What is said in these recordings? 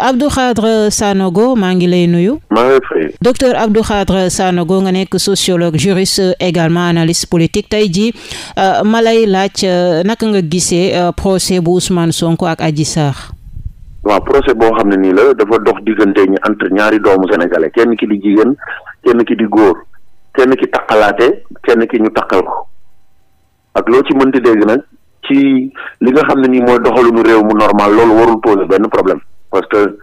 Abdou Khadre Sanogo maa ngi lay nuyu. maa ngi lay fay. docteur nga nekk sociologue juriste également analyste politique tey jii euh, ma lay laaj euh, naka nga gisee euh, procès bu Ousmane sonk ak Adji Sarr. waaw procès boo xam ne nii la dafa dox diggante ñu entre ñaari doomu sénégalais kenn ki di jigéen kenn ki di góor kenn ki takkalaate kenn ki ñu takkal ko ak loo ci mënti dégg nag ci li nga xam ne nii mooy doxalinu réew mu normal loolu warul poser benn problème. parce que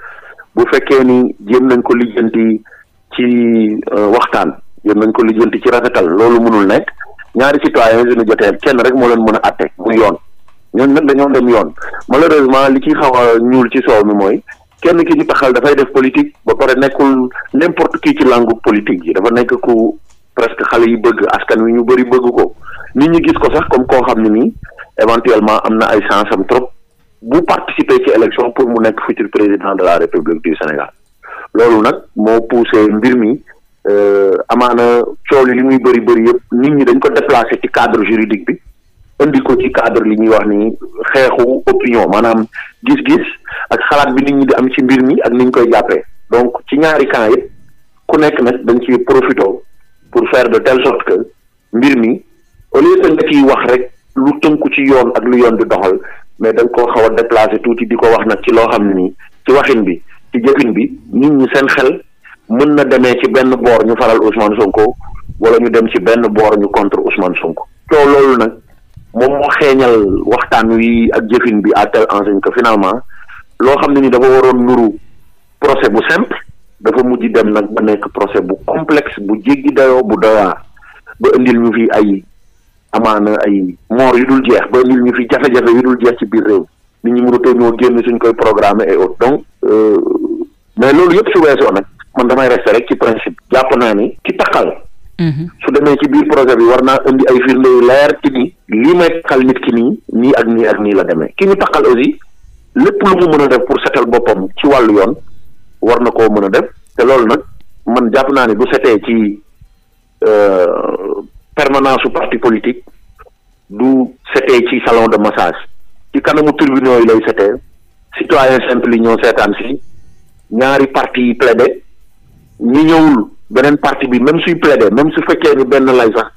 bu fekkee ni jéem nañ ko lijjanti ci euh, waxtaan jéem nañ ko lijjanti ci rafetal loolu mënul nekk ñaari citoyen suñu jotee kenn rek moo leen mën a atte mu yoon ñoom nag dañoo dem yoon malheureusement li ci xaw ñuul ci soow mi mooy kenn ki ñu taxal dafay def politique ba pare nekkul n'importe qui ci langue politique yi dafa nekk ku presque xale yi bëgg askan wi ñu bëri bëgg ko nit ñu gis ko sax comme koo xam ne nii éventuellement am na ay chance am trop bu participer ci élection pour mu nekk futur président de la république du Sénégal loolu nag moo poussé mbir mi euh, amaana yi li muy bëri bëri yëpp nit ñi dañ ko déplacé ci cadre juridique bi indi ko ci cadre li ñuy wax ni xeexu opinion maanaam gis-gis ak xalaat bi nit ñi di am ci mbir mi ak ni ñu koy jàppee donc ci ñaari camp yëpp ku nekk nag dañ ci profito pour faire de telle sorte que mbir mi au lieu nga ciy wax rek lu tënku ci yoon ak lu yoon di doxal mais dañ koo xaw a déplacé tuuti di ko wax nag ci loo xam ni ci waxin bi ci jëfin bi nit ñi seen xel mën na demee ci benn boor ñu faral Ousmane Sonko wala ñu dem ci benn boor ñu contre Ousmane Sonko. coow loolu nag moom moo xeeñal waxtaan wi ak jëfin bi à telle ko que finalement loo xam ne ni dafa waroon nuru procès bu simple dafa mujj dem nag ba nekk procès bu complexe bu jéggi dayoo bu doyaa ba indil ñu fi ay. amaana ay moor yu dul jeex ba nit ñi fi jafe-jafe yu dul jeex ci biir réew nit ñi mënutoo ñoo génn suñ koy programmer et autres donc euh, mais loolu yëpp su weesoo nag man damay rester rek ci principe jàpp naa ni ki takkal mhm. su demee ci biir projet bi war naa indi ay firnde yu leer ci ni lii may takkal nit ki nii nii ak nii ak nii la demee ki ñu takkal aussi lépp lu mu mën a def pour setal boppam ci wàllu yoon war na koo mën a def te loolu nag man jàpp naa ni bu setee ci euh, gouvernance su parti politique du setee ci salon de massage ci kanamu tribunaux yi lay setee citoyen simple yi ñoo seetaan si ñaari parti yi plaidé ñi ñëwul beneen parti bi même suy plaidé même su fekkee ni benn lay sax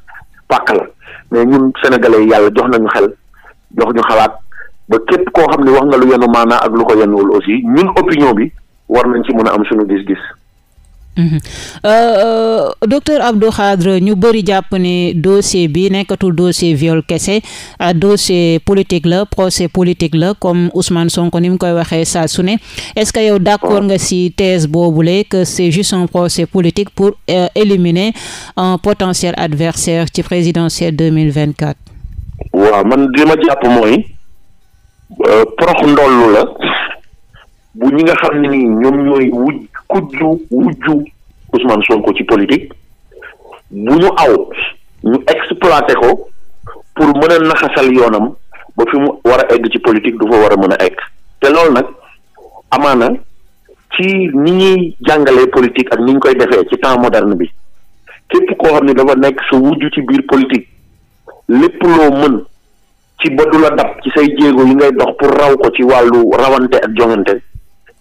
pàkk la mais ñun sénégalais yàlla jox nañu xel jox ñu xalaat ba képp koo xam ne wax nga lu yenu maana ak lu ko yenuwul aussi ñun opinion bi war nañ ci mun a am suñu gis-gis Mhm. Euh, euh, docteur Abdou Khadre ñu bëri jàpp ne dossier bi nekkatul dossier viol kese euh, dossier politique la procès politique la comme Ousmane Sonko ni mu koy waxee saa su ne est-ce que yow d'accord nga si thèse boobule que c'est juste un procès politique pour éliminer un potentiel adversaire ci présidentielle 2024 waaw man li ma jàpp mooy prox ndollu la ñi nga xam ne ñoom ñooy wujj kujju wujju Ousmane Sonko ci politique bu ñu aw ñu exploité ko pour mën a naxasal yoonam ba fi mu war a egg ci politique du fa war a mën a egg te lool nag amaana ci ni ñuy jàngalee politique ak ni ñu koy defee ci temps moderne bi képp koo xam ne dafa nekk su wujju ci biir politique lépp loo mën ci ba du la dab ci say jéego yi ngay dox pour raw ko ci wàllu rawante ak joŋante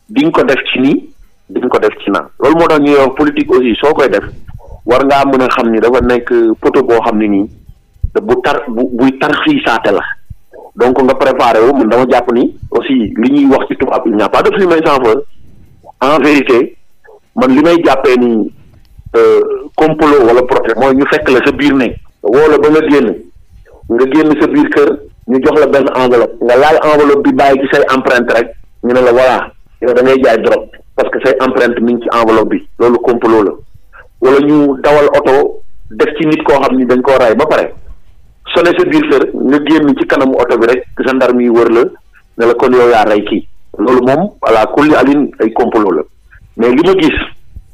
di nga ko def ci nii duñ ko def ci na loolu moo tax ñuy wax politique aussi soo koy def war ngaa mën a xam ni dafa nekk poto boo xam ne nii bu tar bu buy tar xiisaate la donc nga préparé wu man dama jàpp ni aussi li ñuy wax ci tubaab il n'y a pas de fumée sans feu en vérité man li may jàppee ni euh, complot wala projet mooy ñu fekk la sa biir nekk woo la ba nga génn nga génn sa biir kër ñu jox la benn enveloppe nga laal enveloppe bi bàyyi ci say empreinte rek ñu ne la voilà yow da ngay jaay drogue parce que say empreinte mi ngi ci enveloppe bi loolu complot la wala ñu dawal oto def ci nit koo xam ni dañ koo raay ba pare sone sa biir kër nga génn ci kanamu oto bi rek gendarme yi wër la ne la kon yow yaa rey kii loolu moom voilà kulli alin ay complot la mais li ma gis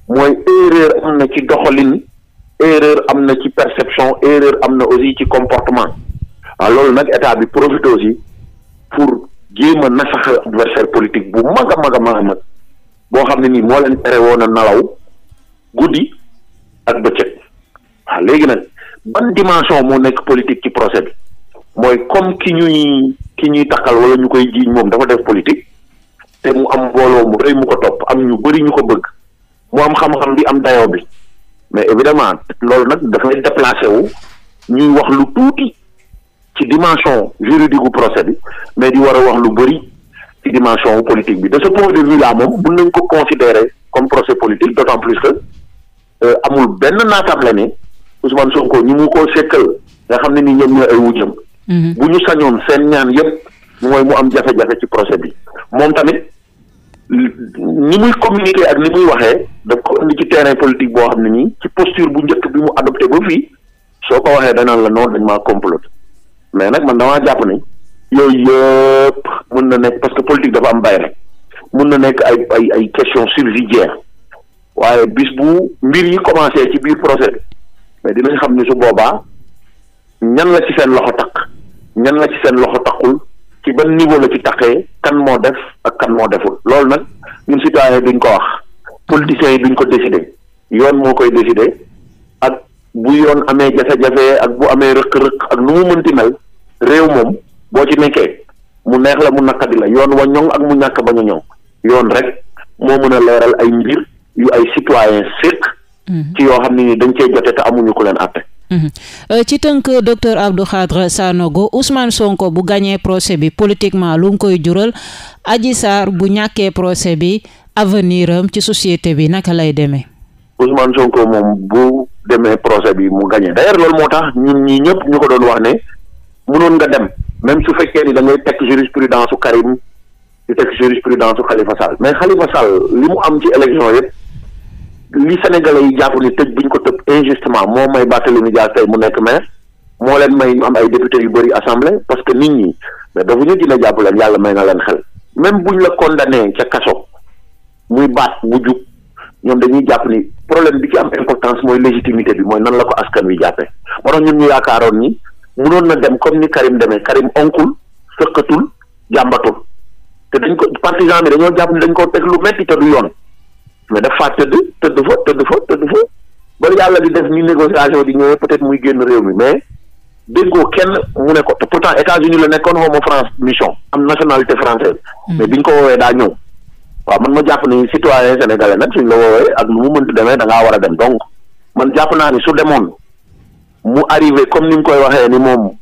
mooy erreur am na ci doxalin erreur am na ci perception erreur am na aussi ci comportement waaw ah, loolu nag état bi profite aussi pour jéem a nasax adversaire politique bu mag a mag boo xam ne nii moo leen tere woon a nalaw guddi ak bëccëg waaw léegi nag ban dimension moo nekk politique ci procès bi mooy comme ki ñuy ki ñuy takkal wala ñu koy jiiñ moom dafa def politique te mu am mbooloo mu rëy mu ko topp am ñu bëri ñu ko bëgg mu am xam-xam di am dayoo bi mais évidemment loolu nag dafay déplacé wu ñuy wax lu tuuti ci dimension juridique bu procès bi mais di war a wax lu bëri ci dimension wu politique bi de ce point de vue là moom mën nañ ko considérer comme procès politique d'autant plus que euh, amul benn naataam la ne Ousmane Sonko ñu mu ko sekkal nga xam ne ni ñoom ñooy ay wujjam mhm. bu ñu sañoon seen ñaan yëpp mooy mu am jafe-jafe ci procès bi moom tamit ni muy communiquer ak ni muy waxee daf ko indi ci terrain politique boo xam ne nii ci posture bu njëkk bi mu adopté ba fii soo ko waxee danaan la noonu dañ maa complot mais nag man damaa jàpp yooyu yëpp mën na nekk parce que politique dafa am bay rek mën na nekk ay ay ay question subsidiaire waaye bis bu mbir yi commencé ci biir projet mais dinañ xam ni su boobaa ñan la ci seen loxo takk ñan la ci seen loxo takkul ci ban niveau la ci takkee kan moo def ak kan moo deful loolu nag ñun citoyen duñ ko wax politiciens yi duñ ko décider yoon moo koy décider ak bu yoon amee jafe-jafe ak bu amee rëq-rëq ak nu mu mënti mel réew moom boo ci nekkee mu neex la mu naqadi la yoon wa ñoŋ ak mu ñàkk ba ñu ñoŋ yoon rek moo mën a leeral ay mbir yu ay citoyen séq mhm. ci yoo xam ne ni dañ cee jote te amuñu ko leen àtte mhm. euh, ci tënk docteur Abdou Khadre Sanogo Ousmane Sonko bu gañee procès bi politiquement lu mu koy jural aji Sarr bu ñàkkee procès bi avenir am ci société bi naka lay demee Ousmane Sonko moom bu demee procès bi mu gañee d'ailleurs loolu moo tax ñun ñii ñëpp ñu ko doon wax ne mënoon nga dem même su fekkee ni da ngay teg jurisprudence su Karim di teg jurisprudence su Khalifa Sall mais Khalifa Sall li mu am ci élection yëpp li Sénégalais yi jàpp ni tëj buñ ko tëb injustement moo may Barthélémy Dias tey mu nekk maire moo leen may ñu am ay député yu bëri assemblée parce que nit ñi mais dafa ñu dina jàpp leen yàlla may na leen xel même buñ la condamné ca kaso muy baat bu jub ñoom dañuy jàpp ni problème bi ci am importance mooy légitimité bi mooy nan la ko askan wi jàppee moo tax ñun ñu yaakaaroon ni. mënoon na dem comme ni Karim demee Karim onkul sëqatul jàmbatul te dañ ko partisan bi dañoo jàpp ne dañ ko teg lu métti te du yoon mais def tëdd tëdd fa tëdd fa tëdd fa ba yàlla di def ni négociation di ñëwee peut-être muy génn réew mi mais déggoo kenn mu ne te pourtant États-Unis la nekkoon xaw ma France mission am nationalité française hmm. mais biñ ko woowee daa ñëw waaw man ma jàpp ni citoyen sénégalais nag suñ la woowee ak lu mu mënti demee da ngaa war a dem donc man jàpp naa ni su demoon mu arrivé comme ni mu koy waxee ni moom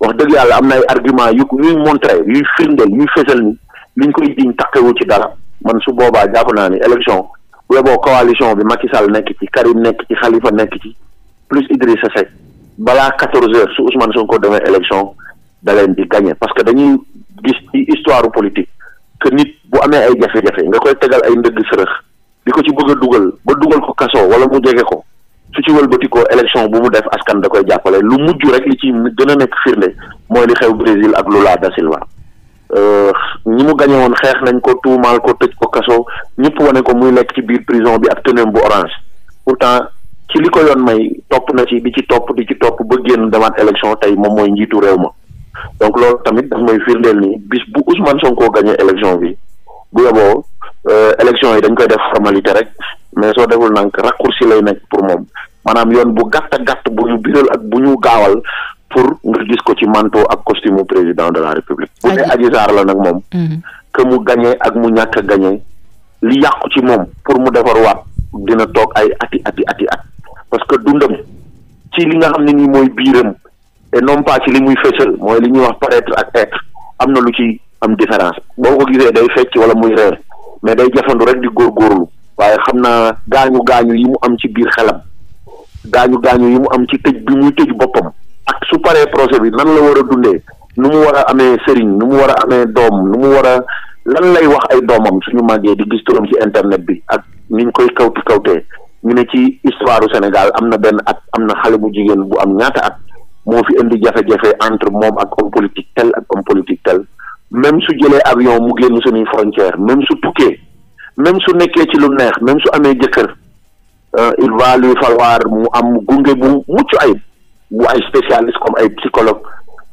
wax dëgg yàlla am na ay argument yu yuy montré yuy firndeel yuy fësal ni liñ koy jiñ takkewu ci dara man su boobaa jàpp naa ni élection bu yeboo coalition bi Macky Sall nekk ci Karim nekk ci Khalifa nekk ci plus sa Seck balaa quatorze heures su man su Ousmane Sonko demee élection da leen di gagné parce que dañuy gis ci histoire politique que nit bu amee ay jafe-jafe nga koy tegal ay ndëgg sërëx di ko ci bëgg a dugal ba dugal ko kaso wala mu jege ko su ci wëlbatikoo élection bu mu def askan da koy jàppale lu mujj rek li ci gën a nekk firnde mooy li xew Brésil ak Lula da Silva euh, ñi mu gañe xeex nañ ko tuumaal ko tëj ko kaso ñëpp wane ko muy lekk ci biir prison bi ak tëneem bu orange pourtant ci li ko yoon may topp na ci bi ci topp di ci topp ba génn demaat élection tey moom mooy njiitu réew ma donc loolu tamit daf may firndeel ni bis bu Ousmane Sonko gañe élection bi bu yoboo euh, élection yi dañ koy def formalité rek mais soo deful nag raccourci lay nekk maanaam yoon bu gàtt a gàtt bu ñu biral ak bu ñu gaawal pour nga gis ko ci manteau ak costume président de la république bu ne Adji Sarr la nag moom mm-hmm. que mu gañee ak mu ñàkk gañee li yàqu ci moom pour mu defar waat dina toog ay ati ati ati at parce que dundam ci li nga xam ne nii mooy biiram et non ci li muy fësal mooy li ñuy wax paraître ak être am na lu ci am différence boo ko gisee day fecc wala muy reer mais day jafandu rek di góor waaye xam naa gaañu gaañu yi mu am ci biir xelam gaañu gaañu yi mu am ci tëj bi muy tëj boppam ak su paree projet bi nan la war a dundee nu mu war a amee sëriñ nu mu war a amee doom nu mu war a lan lay wax ay doomam suñu màggee di gis turam ci internet bi ak niñ koy kawti kawtee ñu ne ci histoire Sénégal am na benn at am na xale bu jigéen bu am ñaata at moo fi indi jafe-jafe entre moom ak homme politique tel ak homme politique tel même su jëlee avion mu génn suñuy frontière même su tukkee même su nekkee ci lu neex même su amee jëkkër Euh, il va lui falloir mu am gunge bu mucc ay bu ay spécialiste comme ay psychologue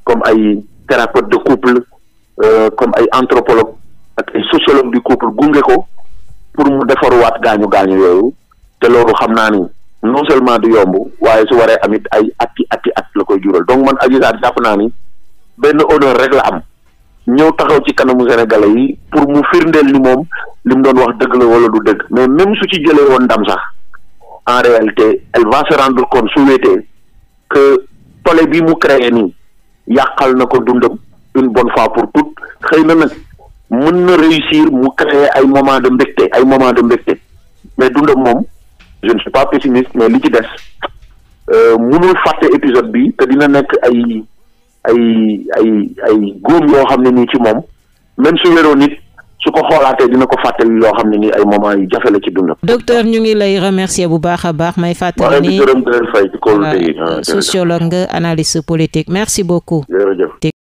comme ay thérapeute de couple euh, comme ay anthropologue ak ay sociologue du couple gunge ko pour mu defaruwaat gaañu gaañu yooyu te loolu xam naa ni non seulement du yomb waaye su waree amit ay atti atti at la koy jural donc man Adji Sarr jàpp naa ni benn honneur rek la am ñëw taxaw ci kanamu sénégalais yi pour mu firndeel ni moom li mu doon wax dëgg la wala du dëgg mais même su ci jëlee woon ndam sax en réalité elle va se rendre compte su wéetee que tole bi mu créé nii yàqal na ko dundam une bonne fois pour toutes xëy na nag mën na réussir mu créer ay moment de mbégte ay moment de mbégte mais dundam moom je ne suis pas pessimiste mais li ci des euh, mënul fàtte épisode bi te dina nekk ay ay ay ay góom yoo xam ne nii ci moom même su wéroo nit su ko xoolaatee dina ko fàttali yoo xam ne nii ay moment yu jafe la ci dundam. docteur ñu ngi lay remercier bu baax a baax may fàttali ni ah, sociologue nga analyste politique merci beaucoup. jërëjëf.